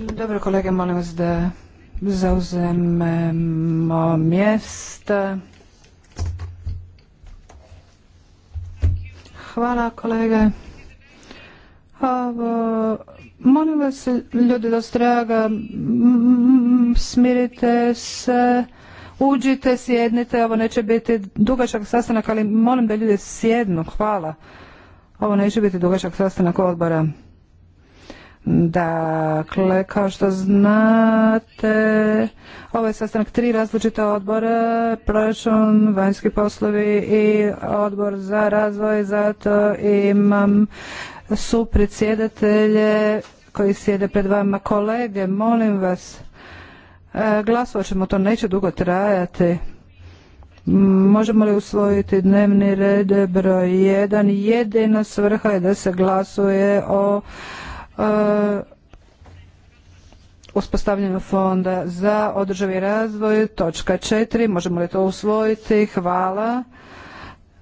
Dobro kolege, molim vas da zauzmemo mjesta. Hvala kolege. molim vas ljudi do straga, smirite se, uđite, sjednite, ovo neće biti dugačak sastanak, ali molim da ljudi sjednu, hvala. Ovo neće biti dugačak sastanak odbora. Dakle, kao što znate, ovo je sastanak tri različita odbora, proračun, vanjski poslovi i odbor za razvoj, zato imam su predsjedatelje koji sjede pred vama kolege, molim vas, e, glasovat ćemo, to neće dugo trajati. Možemo li usvojiti dnevni red broj 1? Jedina svrha je da se glasuje o E, uspostavljanju fonda za održivi razvoj, točka četiri. možemo li to usvojiti? Hvala.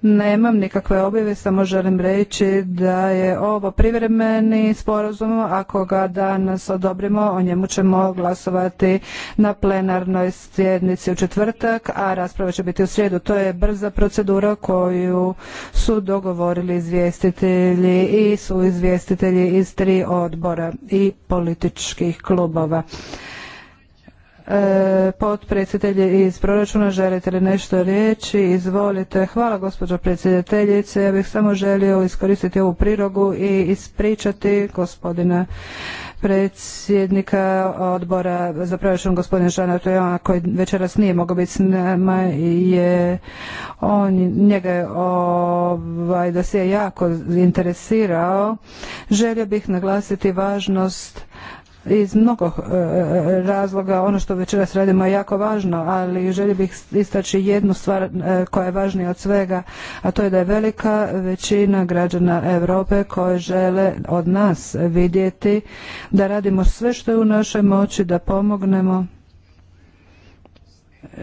Nemam nikakve objave, samo želim reći da je ovo privremeni sporazum. Ako ga danas odobrimo, o njemu ćemo glasovati na plenarnoj sjednici u četvrtak, a rasprava će biti u srijedu. To je brza procedura koju su dogovorili izvjestitelji i su izvjestitelji iz tri odbora i političkih klubova. E, potpredsjedatelji iz proračuna, želite li nešto reći? Izvolite. Hvala gospođo predsjedateljice. Ja bih samo želio iskoristiti ovu prirogu i ispričati gospodina predsjednika odbora za proračun gospodina Žana Tojona koji večeras nije mogao biti s nama je on, njega je ovaj, da se je jako interesirao. Želio bih naglasiti važnost iz mnogo e, razloga. Ono što večeras radimo je jako važno, ali želio bih istaći jednu stvar e, koja je važnija od svega, a to je da je velika većina građana Europe koje žele od nas vidjeti da radimo sve što je u našoj moći da pomognemo e,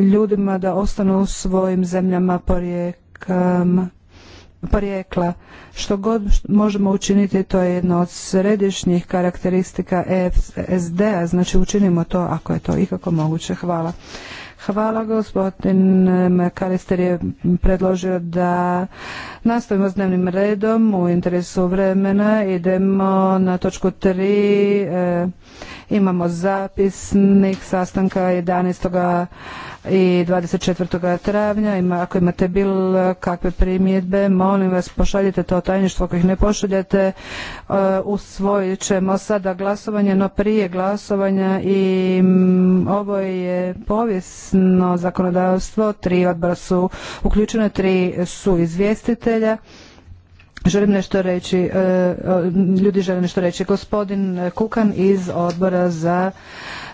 ljudima da ostanu u svojim zemljama porijekama porijekla. Što god možemo učiniti, to je jedna od središnjih karakteristika EFSD-a, znači učinimo to ako je to ikako moguće. Hvala. Hvala gospodin eh, Kalister je predložio da nastavimo s dnevnim redom u interesu vremena. Idemo na točku 3. Imamo zapisnik sastanka 11. i 24. travnja. ako imate bilo kakve primjedbe, molim vas pošaljite to tajništvo ako ih ne pošaljete. E, usvojit ćemo sada glasovanje, no prije glasovanja i ovo je povijesno zakonodavstvo. Tri odbora su uključene, tri su izvjestitelja. Želim nešto reći, e, ljudi žele nešto reći. Gospodin Kukan iz odbora za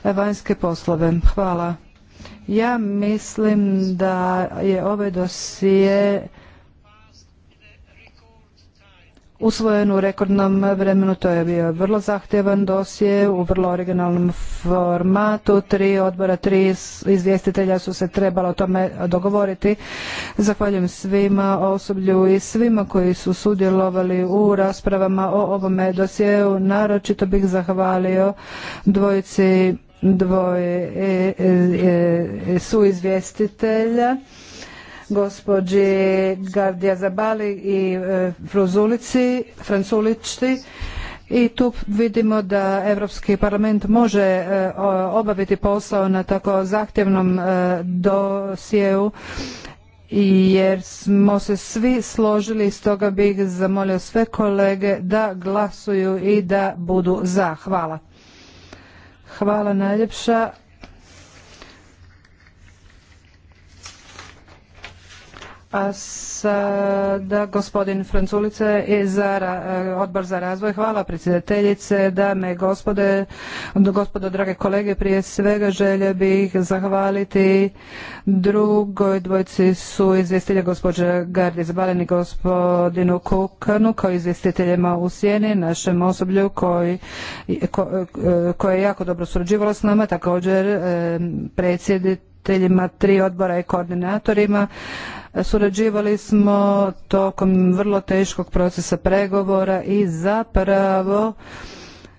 vanjske poslove. Hvala. Ja mislim da je ovaj dosije usvojen u rekordnom vremenu. To je bio vrlo zahtjevan dosje u vrlo originalnom formatu. Tri odbora, tri izvjestitelja su se trebalo o tome dogovoriti. Zahvaljujem svima osoblju i svima koji su sudjelovali u raspravama o ovome dosjeu. Naročito bih zahvalio dvojici dvoje e, e, e, su izvjestitelja gospođi Gardija Zabali i e, Fruzulici, Franculici i tu vidimo da Europski parlament može e, obaviti posao na tako zahtjevnom e, dosjeu jer smo se svi složili stoga bih zamolio sve kolege da glasuju i da budu za. Hvala. Hvala najljepša. A sada gospodin Franculice iz eh, Odbor za razvoj. Hvala predsjedateljice, dame i gospode, gospodo drage kolege, prije svega želje bih zahvaliti drugoj dvojci su izvjestitelja gospođe Gardis Balen i gospodinu Kukanu kao izvjestiteljima u Sjeni, našem osoblju koji, eh, koje je jako dobro surađivalo s nama, također eh, predsjednik izvjestiteljima tri odbora i koordinatorima. Surađivali smo tokom vrlo teškog procesa pregovora i zapravo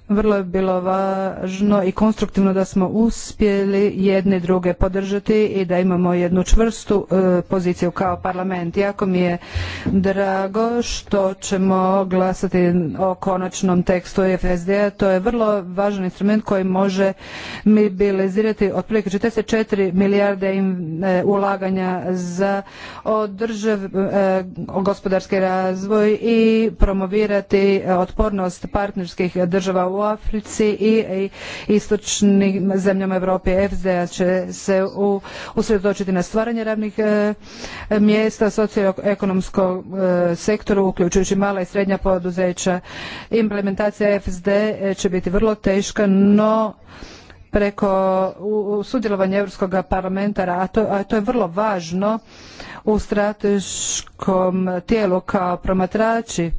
vrlo je bilo važno i konstruktivno da smo uspjeli jedni druge podržati i da imamo jednu čvrstu e, poziciju kao parlament. Jako mi je drago što ćemo glasati o konačnom tekstu FSD-a. To je vrlo važan instrument koji može mobilizirati otprilike 44 milijarde e, ulaganja za održav e, gospodarski razvoj i promovirati otpornost partnerskih država u u Africi i istočnim zemljama Europe. FDA će se usredotočiti na stvaranje ravnih e, mjesta socioekonomskog e, sektoru, uključujući mala i srednja poduzeća. Implementacija FSD će biti vrlo teška, no preko sudjelovanja Europskog parlamenta, a to, je vrlo važno u strateškom tijelu kao promatrači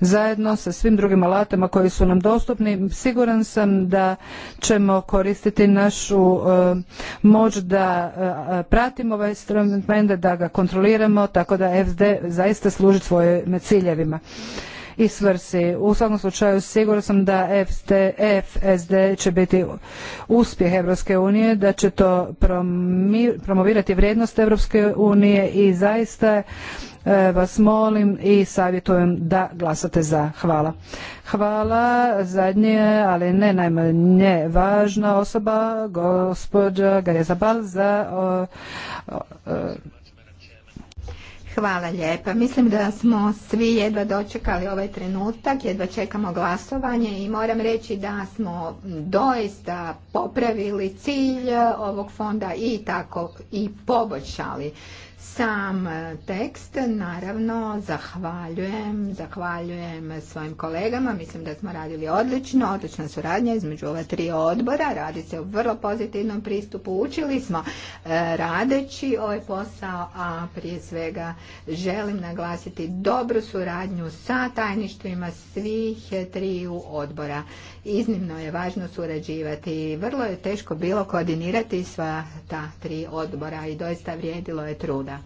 zajedno sa svim drugim alatama koji su nam dostupni. Siguran sam da ćemo koristiti našu eh, moć da eh, pratimo ovaj instrument, da ga kontroliramo tako da FD zaista služi svojim ciljevima i svrsi. U svakom slučaju siguran sam da FSD će biti uspjeh Europske unije, da će to promovirati vrijednost Evropske unije i zaista e, vas molim i savjetujem da glasate za. Hvala. Hvala zadnje, ali ne najmanje važna osoba, gospođa Gareza Bal za Hvala lijepa. Mislim da smo svi jedva dočekali ovaj trenutak, jedva čekamo glasovanje i moram reći da smo doista popravili cilj ovog fonda i tako i poboljšali sam e, tekst. Naravno, zahvaljujem, zahvaljujem svojim kolegama. Mislim da smo radili odlično, odlična suradnja između ova tri odbora. Radi se o vrlo pozitivnom pristupu. Učili smo e, radeći ovaj posao, a prije svega želim naglasiti dobru suradnju sa tajništvima svih triju odbora. Iznimno je važno surađivati. Vrlo je teško bilo koordinirati sva ta tri odbora i doista vrijedilo je trud suda.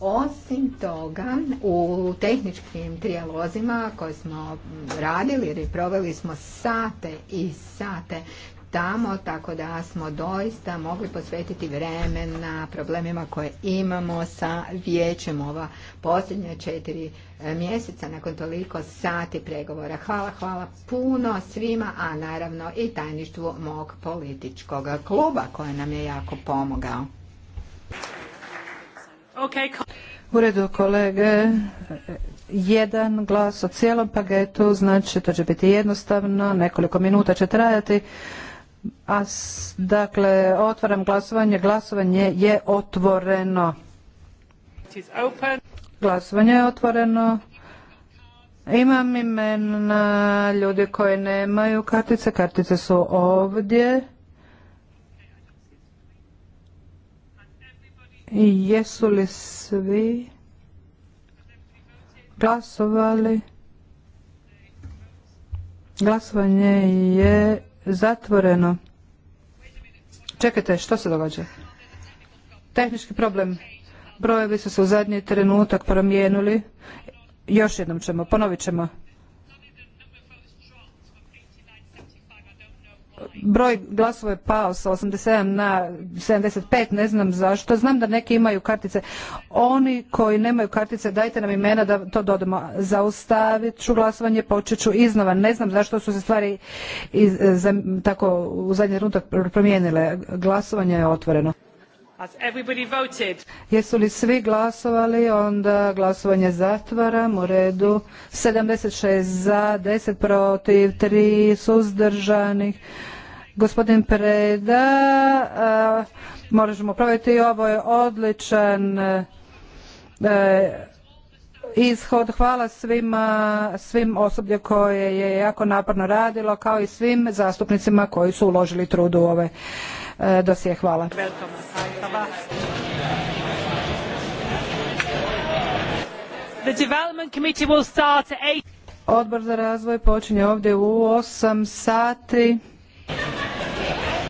Osim toga, u tehničkim trijalozima koje smo radili ili proveli smo sate i sate tamo, tako da smo doista mogli posvetiti vremena problemima koje imamo sa vijećem ova posljednja četiri e, mjeseca nakon toliko sati pregovora. Hvala, hvala puno svima, a naravno i tajništvu mog političkog kluba koje nam je jako pomogao. U redu kolege, jedan glas o cijelom paketu, znači to će biti jednostavno, nekoliko minuta će trajati. A, dakle, otvaram glasovanje, glasovanje je otvoreno. Glasovanje je otvoreno. Imam imena ljudi koji nemaju kartice, kartice su ovdje. Jesu li svi glasovali? Glasovanje je zatvoreno. Čekajte, što se događa? Tehnički problem. Brojevi su se u zadnji trenutak promijenili. Još jednom ćemo, ponovit ćemo. broj glasova je pao sa 87 na 75, ne znam zašto. Znam da neki imaju kartice. Oni koji nemaju kartice, dajte nam imena da to dodamo. Zaustavit ću glasovanje, počet ću iznova. Ne znam zašto su se stvari tako u zadnji trenutak promijenile. Glasovanje je otvoreno. Jesu li svi glasovali? Onda glasovanje zatvaram u redu. 76 za, 10 protiv, 3 suzdržanih. Gospodin Preda, eh, možemo provjeti ovo je odličan eh, ishod. Hvala svima, svim osoblje koje je jako naporno radilo, kao i svim zastupnicima koji su uložili trud u ove eh, dosije. Hvala. Odbor za razvoj počinje ovdje u 8 sati.